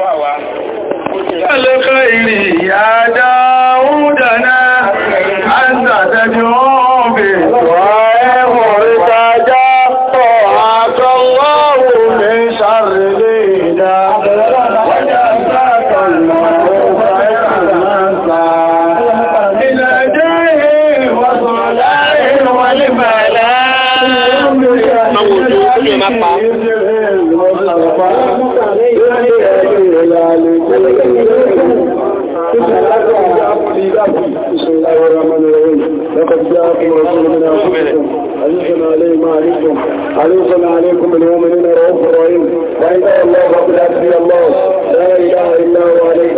àfáàwà Alẹ́kọ́ ìrìn ìyá dáúdà náà, a ń tàtẹ́jú وأنا عليكم المؤمنين رؤوف رحيم وإن الله رب العالمين الله لا إله إلا هو عليه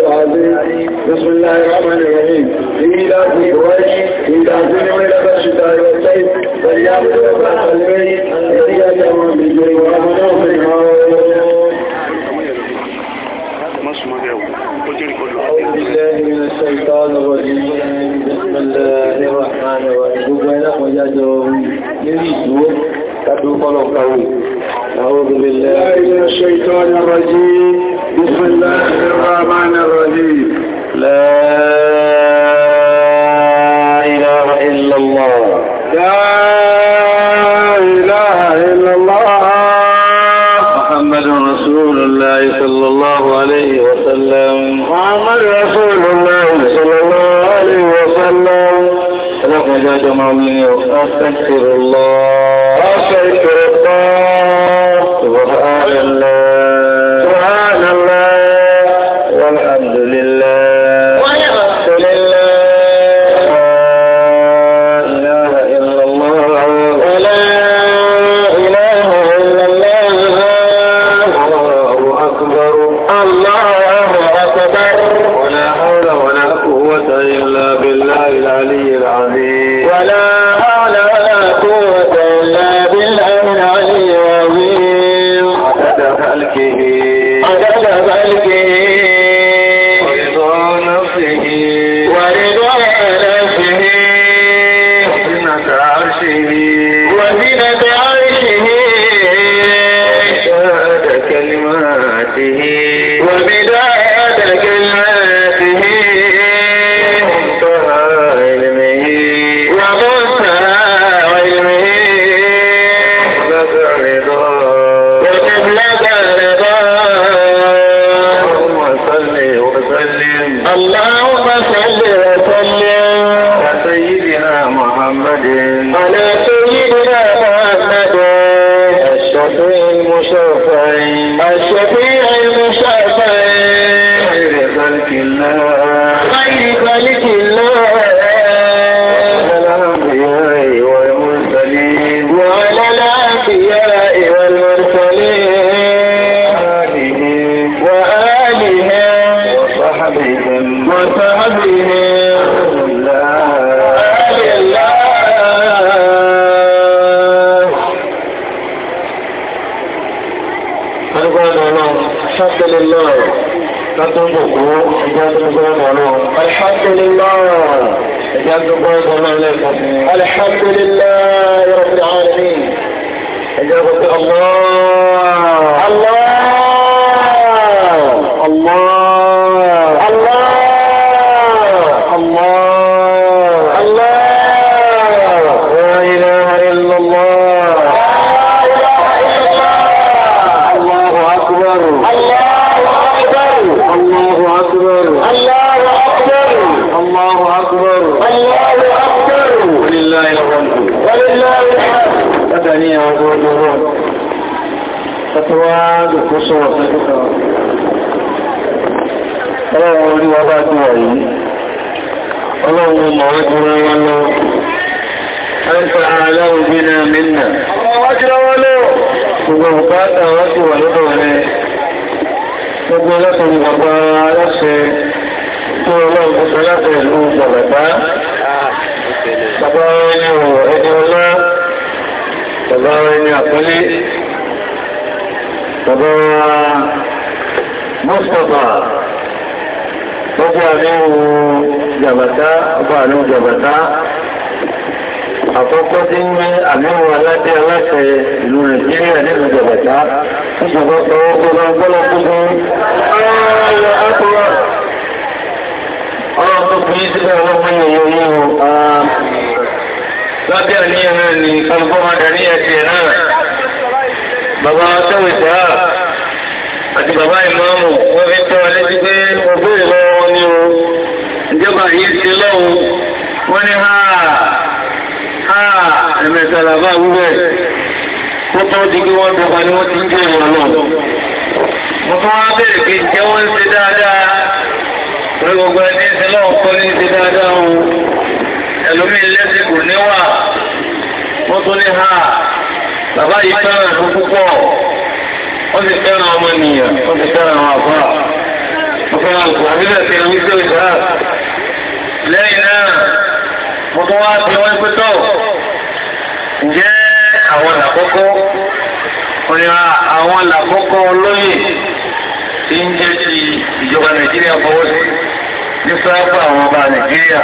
العظيم بسم الله الرحمن الرحيم إلى في قريش إلى في يوم إلى الشتاء والصيف فليعبدوا رب العالمين الذي أمر بالجري وأمنوا بالمعروف أعوذ بالله من الشيطان الرجيم بسم الله الرحمن الرحيم تدوكنا قوي أعوذ بالله من الشيطان الرجيم بسم الله الرحمن الرحيم لا إله إلا الله لا إله إلا الله محمد رسول الله صلى الله عليه وسلم محمد رسول الله صلى الله عليه وسلم رحمة جمع مني أستغفر الله وسلم اللهم صل اللهم واجرا ولو أنت أعلم بنا منا واجرا ولو وقفات أواتي ولدوني gbogbo lọ́tọ̀rọ̀ bàbá aláṣẹ tó ọlọ́run tó láti ìlú bàbá bàbá ẹni ọ̀rọ̀ ẹni ọlá bàbá ẹni àpẹẹlẹ bàbá Mustapha gbogbo àníwò jàbàtà ọba àlọ́ jàbàtà àkọ́kọ́ tí ń gbé àmìwò aládé aláṣẹ ìlú nàìjíríà nínú jàbàtà ìjọba ọwọ́ gbọ́nà gbọ́nà kúgbọ́n ọ̀rọ̀ àkọ́rọ̀ ọ̀rọ̀ tó kú yí sílẹ̀ ọlọ́pàá yẹ̀yẹ̀ yìí lábẹ́ àníyàn náà ni kọlùkọ́mọdà ní ẹ̀sẹ̀ náà bàbá tẹ́wẹ̀tẹ́ àti bàbá ìmáàmù wọ́n fi tọ́ alẹ́ sí pé ọgbọ́ ìlọ́ mọ̀ yìí ti lọ́wọ́ wọ́n ní ha ha ẹ̀mẹ̀sàlà bá wúwẹ̀ kó tó di kí wọ́n dọ̀pá ní wọ́n ti ń jẹ́ ìwọ̀n náà mo tún wá bẹ̀rẹ̀ pé jẹ́ wọ́n ṣe dáadáa orí gbogbo ẹni ṣe lọ́wọ́ kọ́ ní ṣe dáadáa ohun ẹlòmí lẹ́sìn kò níwà wọ́n tún ní ha bàbá yìí fẹ́ràn fún púpọ̀ wọ́n ti fẹ́ràn ọmọ ènìyàn wọ́n ti fẹ́ràn àbúrà wọ́n fẹ́ràn àbúrà nílẹ̀ tẹ̀lé wíṣẹ́ ìṣẹ́ lẹ́yìn náà mo tún wá bí wọ́n pé tọ́ ǹjẹ́ àwọn làkọ́kọ́ ònìyàn àwọn làkọ́kọ́ olóyè tí ń jẹ́ ti ìjọba nàìjíríà fọwọ́ sí ní sáàpù àwọn ọba nàìjíríà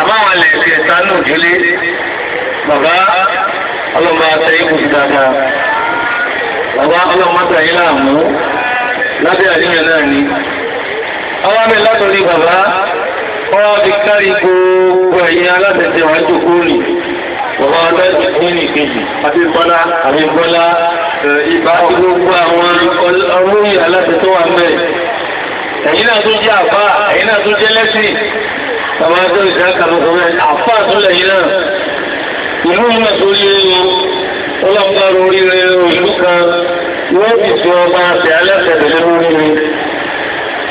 àbáwọn ilẹ̀ ìfẹ́ sánú ìdílé bàbá ọlọ́mọ àtẹ̀yìn kò sí dáadáa bàbá ọlọ́mọ àtẹ̀yìn láàmú lábẹ́ àníyàn náà ni. àwọn mi látòrí bàbá ọwọ́ ti kárí gbogbo ẹ̀yìn alátẹ̀tẹ̀ wà jòkó rì bàbá adájú nínú ìkejì abíbọ́lá abíbọ́lá ìbá gbogbo àwọn olóyè alátẹ̀tẹ̀ wà mẹ́rin ẹ̀yìn náà tó jẹ́ àbá ẹ̀yìn náà tó jẹ́ lẹ́sìn bàbá adájú ìdákàlùkọ̀ọ́rẹ́ àfáà tó lẹ̀yìn náà ìlú náà tó lé ọlọ́pàá orí rẹ̀ òṣù kan wọ́n ti sọ ọba àti alátẹ̀tẹ̀ lórí rẹ̀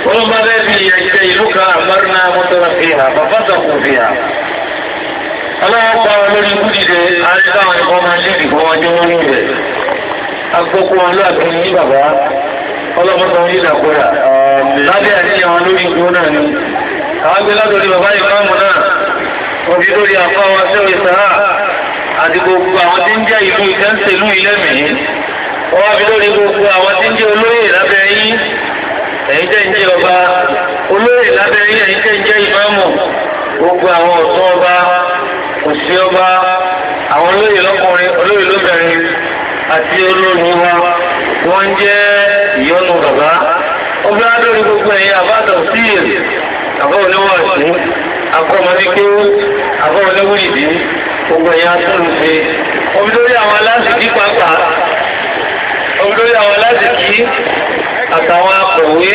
ولما ذهبي يجتيلك أمرنا مترفيها ففسقوا فيها aláwọ̀pá olórin kúrìdẹ àríkàwọn ẹ̀kọ́ máa ṣe ìfọ́ ọjọ́ orí rẹ̀ agbókò aláàbí ní bàbá ọlọ́pọ̀tọ̀ orí ìdàkọ́rà lábẹ́ àríyàn wọn lórí ìgbó náà ni àwágbé látọ̀rí bàbá ìfáàmù náà òbí lórí àfáwọn aṣẹ́ ìsára àti gbogbo àwọn tí ń jẹ́ ìlú ìtẹ́ǹsẹ̀lú ilẹ̀mìí ọwá fi lórí gbogbo àwọn tí e jẹ́ ìjẹ́ ọba olóyè lábẹ́ yín ẹ̀yin jẹ́ ìjẹ́ gbogbo àwọn ọ̀tún ọba òsì ọba àwọn olóyè lọ́kùnrin olóyè lóbìnrin àti wa wọ́n jẹ́ bàbá ọba gbogbo àbádọ̀ síyè àbá oníwà sí àbá gbogbo ọbí lórí àwọn olórí àwọn láti kí àtàwọn akọ̀wé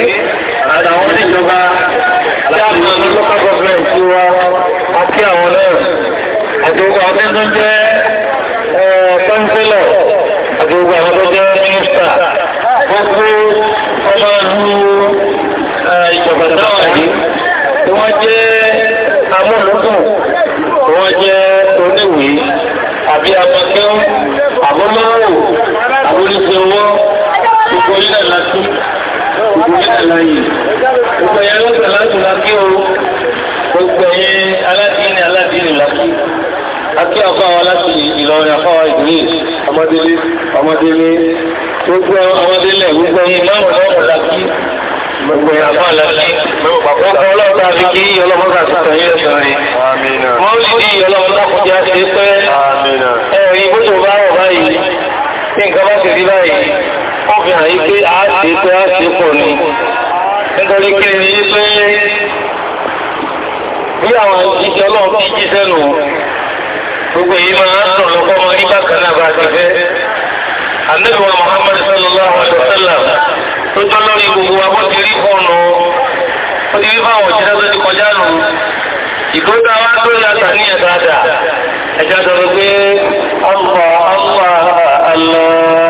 àtàwọn oníjọba tí a mọ̀ ní local government tí wá àti àwọn náà àti ogun àwọn tó jẹ́ kọ́ńsílọ̀ àti ogun àwọn tó jẹ́ mínísítà gbogbo ọmọ ìlú ìjọba táwọn yìí tí wọ́n jẹ́ amúnúdùn tí wọ́n jẹ́ oníwèé àbí amakẹ́wọ̀n náà láàyè gbogbo ẹ̀yẹ ló sẹ̀ láti láti o gbogbo ẹ̀yẹ aládìní aládìní láti akí àfáwà láti Ìlọrin àfáwà ìdílé ọmọdélé ọmọdélé gbogbo ọmọdélé gbogbo ẹ̀yẹ márùn lọ́rùn láti gbogbo ẹ̀yẹ àfáà láti gbogbo ọlọ́ta fi kí ọlọ́mọdé àti sọ̀yìn ẹ̀sọ̀rin wọ́n sì di ọlọ́mọdé àkùnjẹ́ àti pẹ́ ẹ̀rí bó tó bá rọ̀ báyìí tí nǹkan bá ti rí báyìí ó fi hàn yí pé a ṣe pé a ṣe pọ̀ ní nítorí kí ni yí pé bí àwọn jíjẹ́ ọlọ́run ti jíṣẹ́ nù gbogbo èyí máa ń dùn lọ́kọ́ ọmọ rí bákan náà bá ti fẹ́ àdébùwà Muhammad sallallahu alaihi wasallam tó jọ lórí gbogbo abọ́ ti rí fọ́ọ̀nù ó ti rí fáwọn òṣìṣẹ́ tó ti kọjá nù ìgbóta wá tó yàtà ní ẹ̀dáadáa ẹ̀já sọ pé ọlọ́ ọlọ́ àlọ́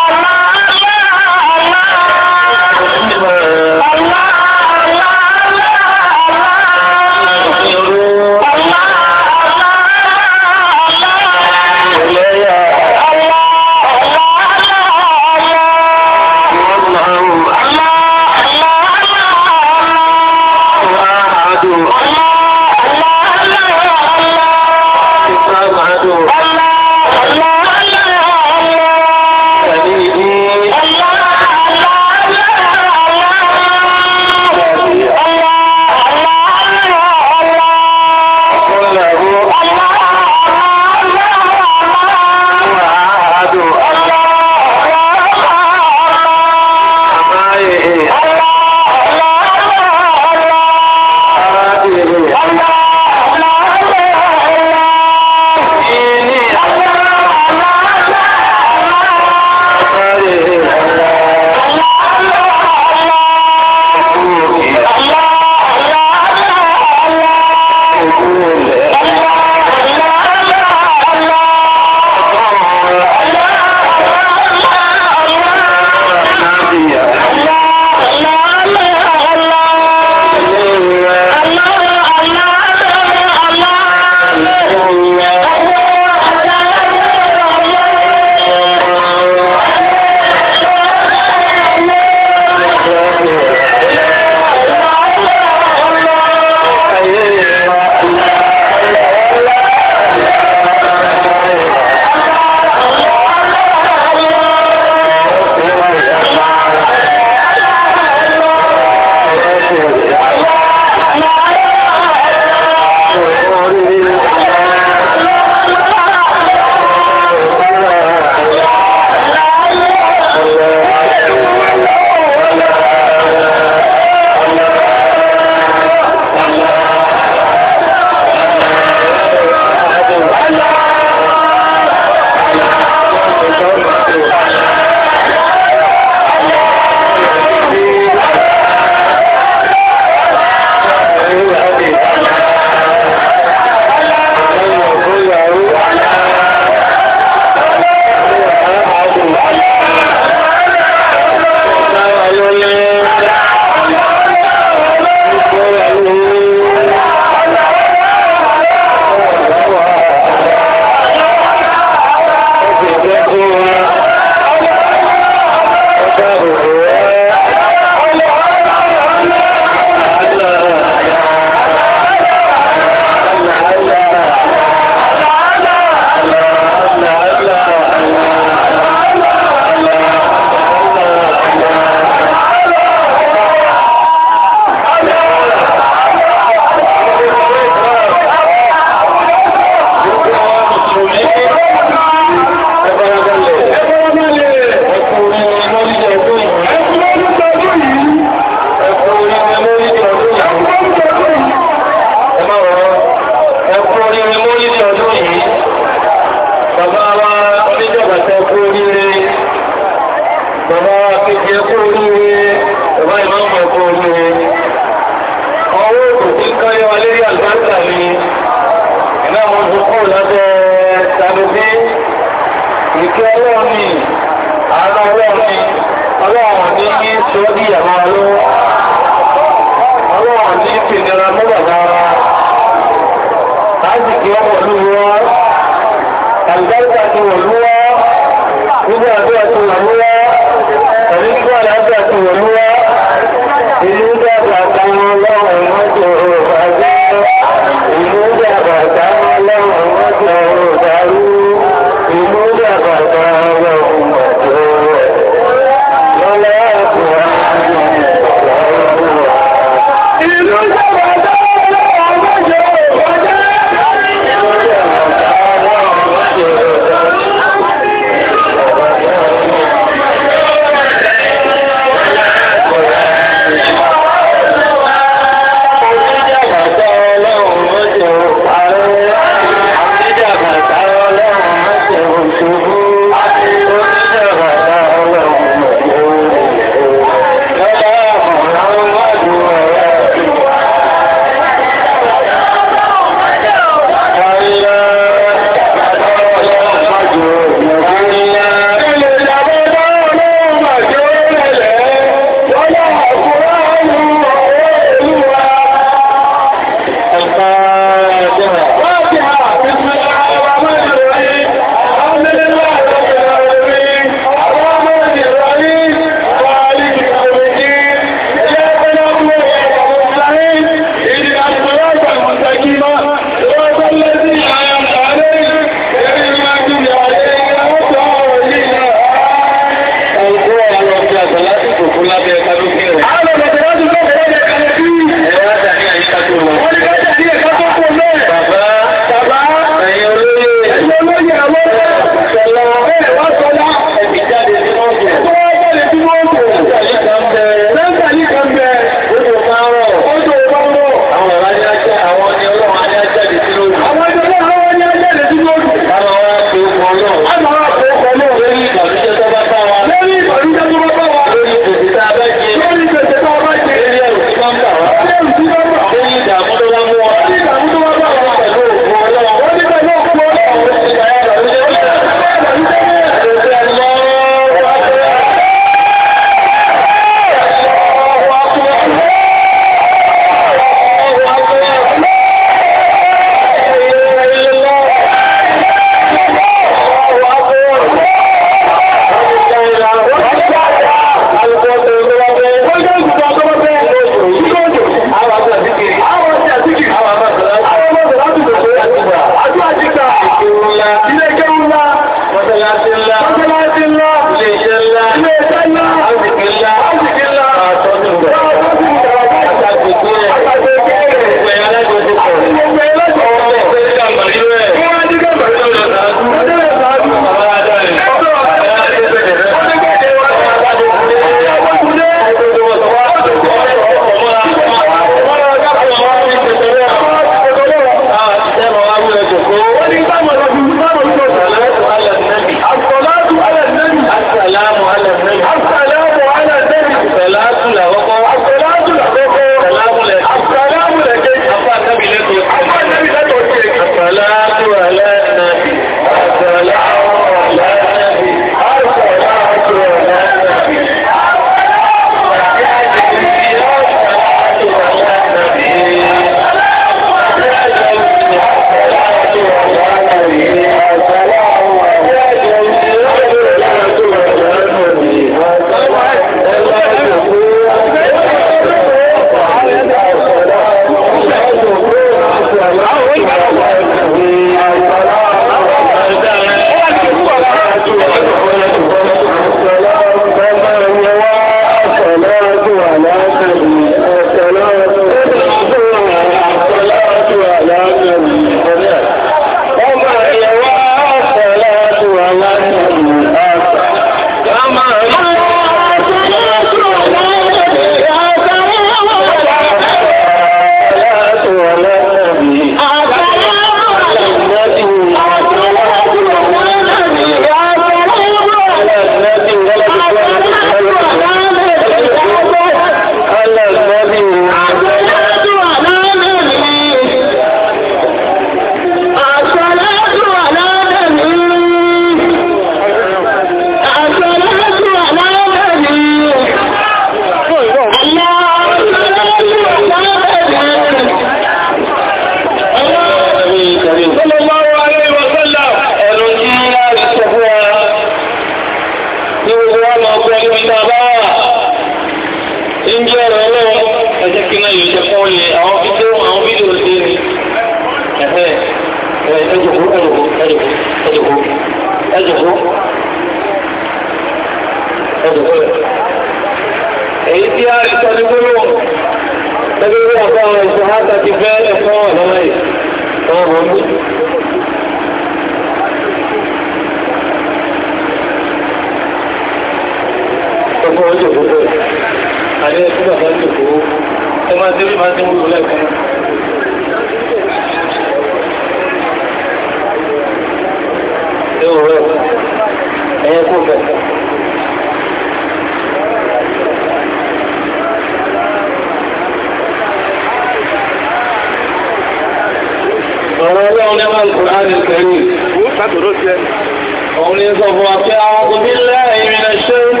sọ fún wa pé àwọn ọkùnrin lẹ́yìn ìrìnà ṣẹ́yìn.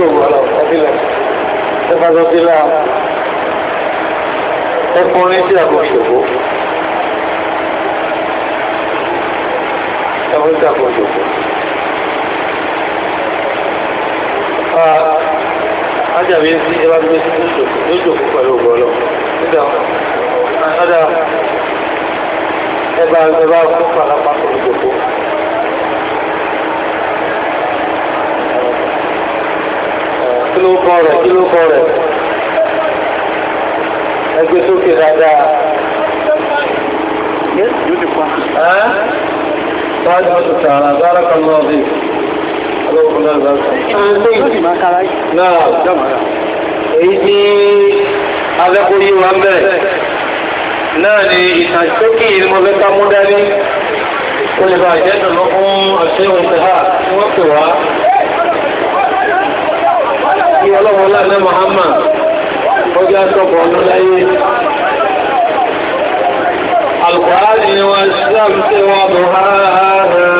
lò wọ́n lọ sọ́bílà ẹ̀fà sọ́bílà ẹkùnrin tí a kò ṣòfò ẹkùnrin tí a kò ṣòfò. Ajábí sí ẹwà gbé sí lójòkó pẹ̀lú ọgbọ̀lọ́. Nígbà ọ̀dá ẹbá ẹbá fún pàlápàá. ló kọ rẹ̀ kí ló kọ rẹ̀ ẹgbẹ́ sókè dáadáa. Sáájú ọ̀sùn tààrà, sáárá kan lọ́wọ́ bí. Ọlọ́run náà bá sọ. Náà, èyí tí alẹ́kùn yìí wà ń bẹ̀rẹ̀. Náà ni ìtàṣókè ìlú mọ́fẹ́ká mú dání. Ó lè bá ìjẹ́ ìtàlọ́ fún ọ̀ṣẹ́ òun tẹ̀há tí wọ́n pè wá ọlọ́wọ́ lánà Muhammad ọjọ́ àtọ́kọ̀ ọdún láyé alùkọ̀ọ́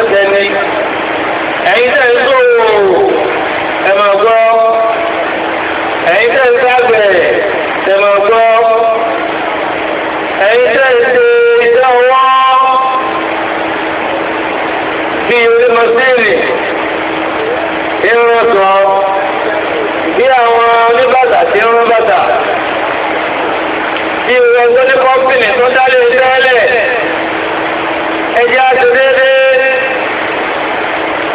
mọ́tẹ́ ni ẹ̀yin tẹ́ ń tó ẹ̀mọ̀ gbọ́ ẹ̀yin tẹ́ ń sábẹ̀ ẹ̀mọ̀ gbọ́ ẹ̀yin tẹ́ ń ṣe iṣẹ́ ọwọ́ bí orí mọ́sílì irun sọ bí àwọn oníbàtà tí ń bàtà bí orí ní kọ́pìnì tó dálé ìṣẹ́lẹ̀ ẹjẹ́ àti déédéé.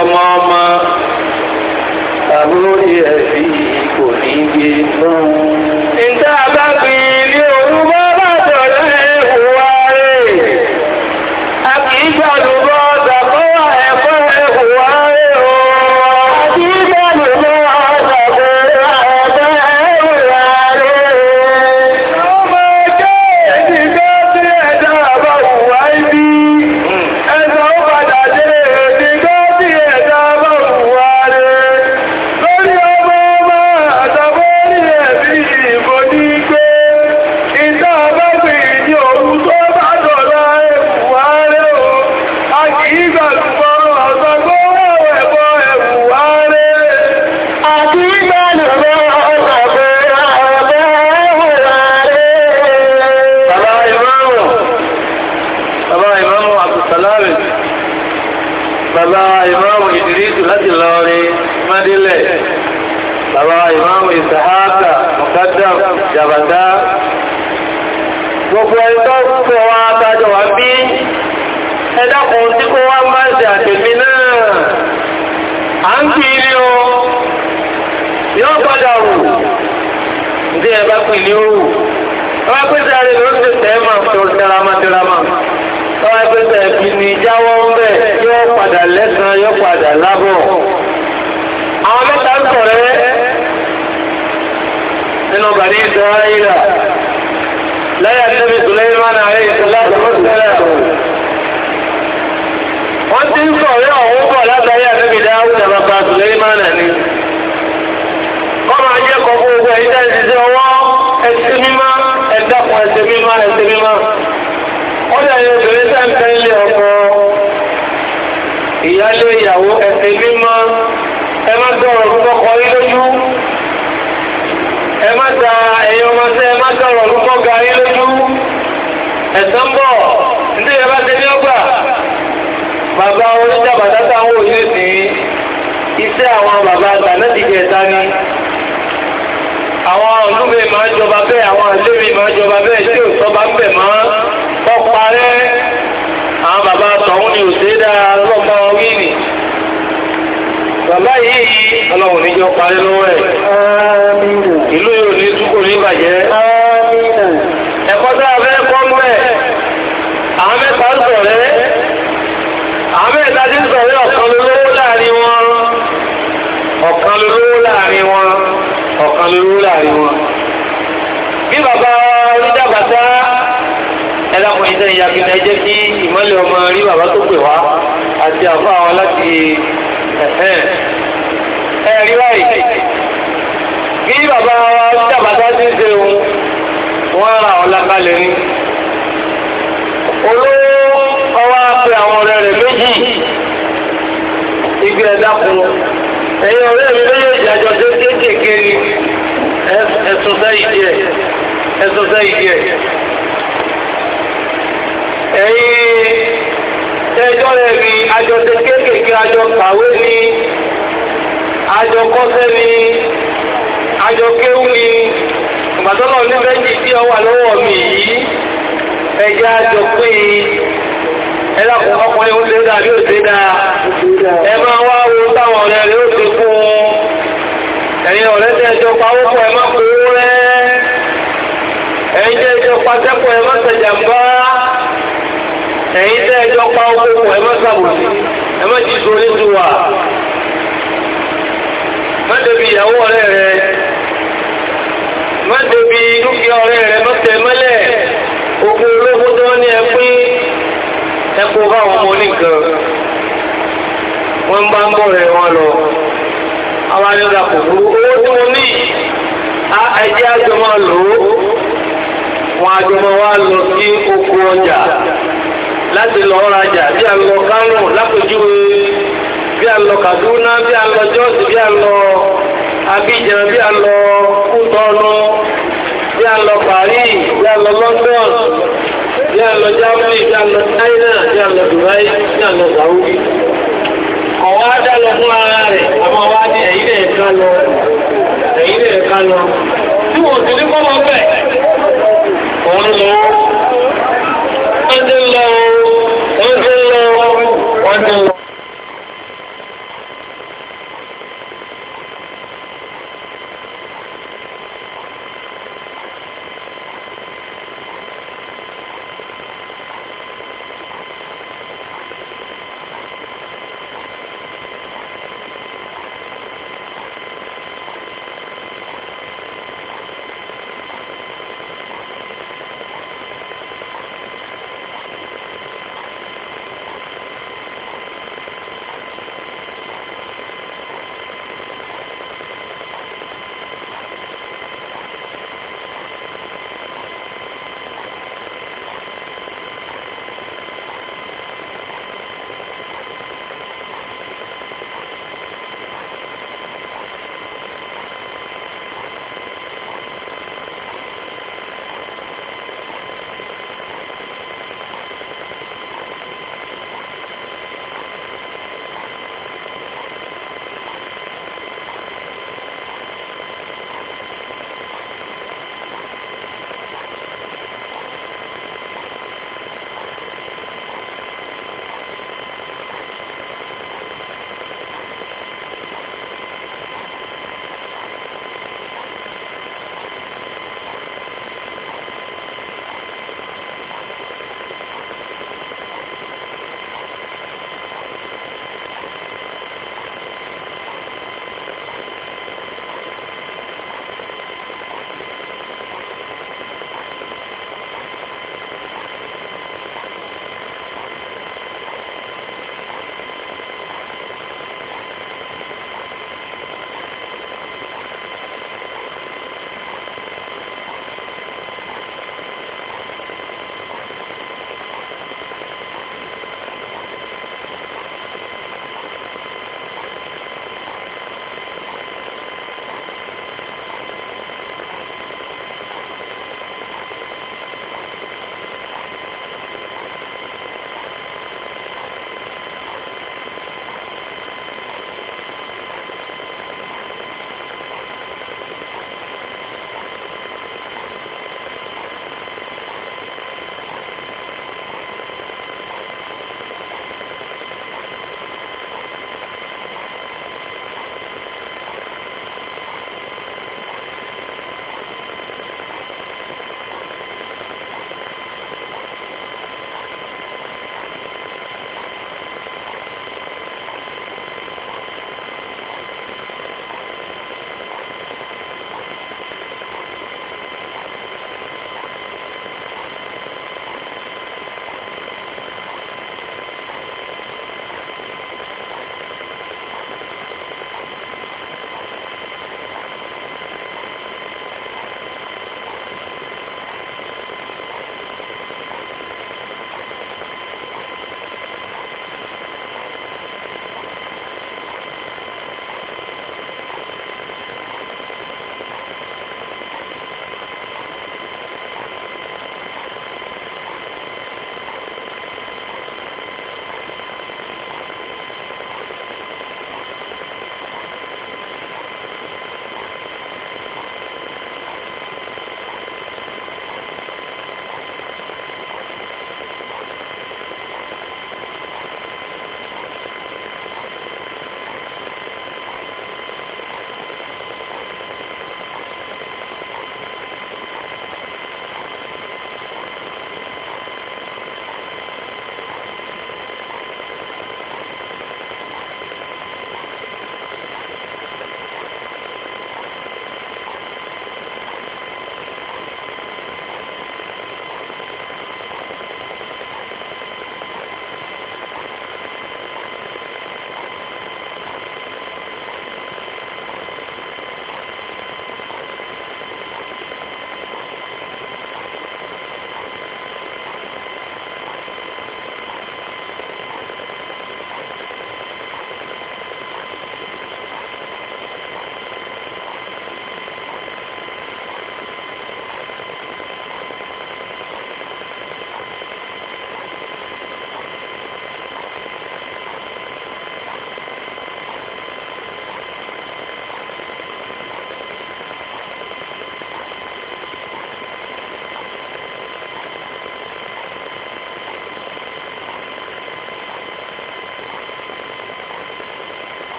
ọmọ ọmọ àbúrò ẹ̀ fi kò ní gbé fún un. ní ẹ̀bá pè ní òwú ọba pé sáré ló ń ṣe tẹ́ẹ̀mà tó tẹ̀rama tẹ̀rama ọba pé sẹ́ẹ̀kì ní jáwọ́ ń bẹ̀ yóò padà lẹ́sàn-án yóò padà lábọ̀ àwọn mẹ́ta ń sọ̀rẹ́ nínú bàní ìsọ̀rọ̀ lẹ́yà tẹ́bi Suleiman àrẹ ìsọ̀lá wọ́n ti ń sọ̀rẹ́ ọ̀hún bọ̀ látàrí àtẹ́bi dáhùn tẹ̀bàbà Suleiman ní gbogbo ẹ̀yìn tẹ́ ẹ̀sẹ̀ ọwọ́ ẹ̀sẹ̀ mímá ẹ̀dàpọ̀ ẹ̀sẹ̀ mímá ẹ̀sẹ̀ mímá ọ̀dà yẹn obìnrin tẹ́ ń bẹ ilé ọkọ ìyálé ìyàwó ẹ̀sẹ̀ mímá ẹ má dọ̀rọ̀ lúkọ́kọ yín lójú ẹ má da ẹ̀yọ́ ọmọ tẹ́ ẹ má dọ̀rọ̀ lúkọ́ga yín lójú ẹ̀sán bọ̀ ní ẹ bá ti ní ọgbà bàbá oníjàbàtà táwọn òyìnbó àwọn olúmẹ̀ máa jọba bẹ́ẹ̀ àwọn àlérí máa jọba bẹ́ẹ̀ tí ò sọba ń bẹ̀ máa kọ́ parẹ́ àwọn bàbá tọ̀hún ni òṣèdá lọ́pọ̀ orí nì bàbá yìí ọlọ́run níjọ parí lọ́wọ́ ẹ̀ ìlú yóò ní túkò ní bàjẹ́ ẹ̀kọ́ tá a fẹ́ kọ́ mẹ́ àwọn mẹ́ta ń sọ̀rẹ́ àwọn mẹ́ta ti ń sọ̀rẹ́ ọ̀kan lólówó láàrin wọn ọ̀kan lólówó láàrin wọn ọ̀kan lórí láàrin wọn. bí bàbá onídàbàtà ẹlẹ́kùn iṣẹ́ ìyàgbìnà jẹ́ kí ìmọ́lẹ̀ ọmọ rí bàbá tó pè wá àti àbá àwọn láti ẹ̀rí báyìí. bí bàbá onídàbàtà ti ń ṣe ohun wọ́n ra ọ̀la kalẹ̀ ni. olówó ọwọ́ á pe àwọn ọ̀rẹ́ rẹ̀ méjì ìgbẹ́ ẹ̀dá fún ẹ̀yin ọ̀rẹ́ mi méjèèjì àjọṣe kéékèèké ni ẹ̀sùn sẹ́yìn díẹ̀ ẹ̀sùn sẹ́yìn díẹ̀ ẹ̀yin ẹjọ́ rẹ̀ mi àjọṣe kéékèèké àjọ kàwé ni àjọ kọ́sẹ́ ni àjọ kéwú ni ìgbàdọ́nà oníbẹ́jì tí ọ wà lọ́wọ́ mi yìí ẹjẹ́ àjọ pé ẹlẹ́kùn ọkùnrin ó ṣe dáa bí ó ṣe dáa ẹ máa wá wo ẹjọ pawọ́pọ̀ ẹ má kó rẹ́ ẹ̀yin tẹ́ ẹjọ patẹ́pọ̀ ẹ má ṣèjàmbá ẹ̀yin tẹ́ ẹjọ pawọ́pọ̀ ẹ má ṣàbòsí ẹ má jí sórí tu wà má débi ìyàwó ọ̀rẹ́ rẹ má débi dúkìá ọ̀rẹ́ rẹ má tẹ̀ mọ́lẹ̀ ogun olówó tó ní ẹ pín ẹ kó bá àwọn ọmọ oníkan wọ́n bá ń bọ̀ rẹ̀ wọn lọ àwọn ayọ́dà kò burú owó tí wọ́n ẹjẹ́ àjọmọ́ lò ó wọn àjọmọ́ wa lọ sí oko ọjà láti lọ rajà bí a lọ Kánò lápèjúwe bí a lọ Kaduna bí a lọ Jọ́ọ̀sì bí a lọ Abidjan bí a lọ Kútọ́nù bí a lọ Paris bí a lọ London bí a lọ Germany bí a lọ China bí a lọ Dubai bí a lọ Saudi ọ̀wá dá lọ fún ara rẹ̀ àmọ́ wá ní ẹ̀yìn ẹ̀ka lọ kan lọ tí wọ́n sì ní kọ́mọ bẹ̀ òun lọ wọ́n ti lọ wọ́n ti lọ wọ́n ti lọ.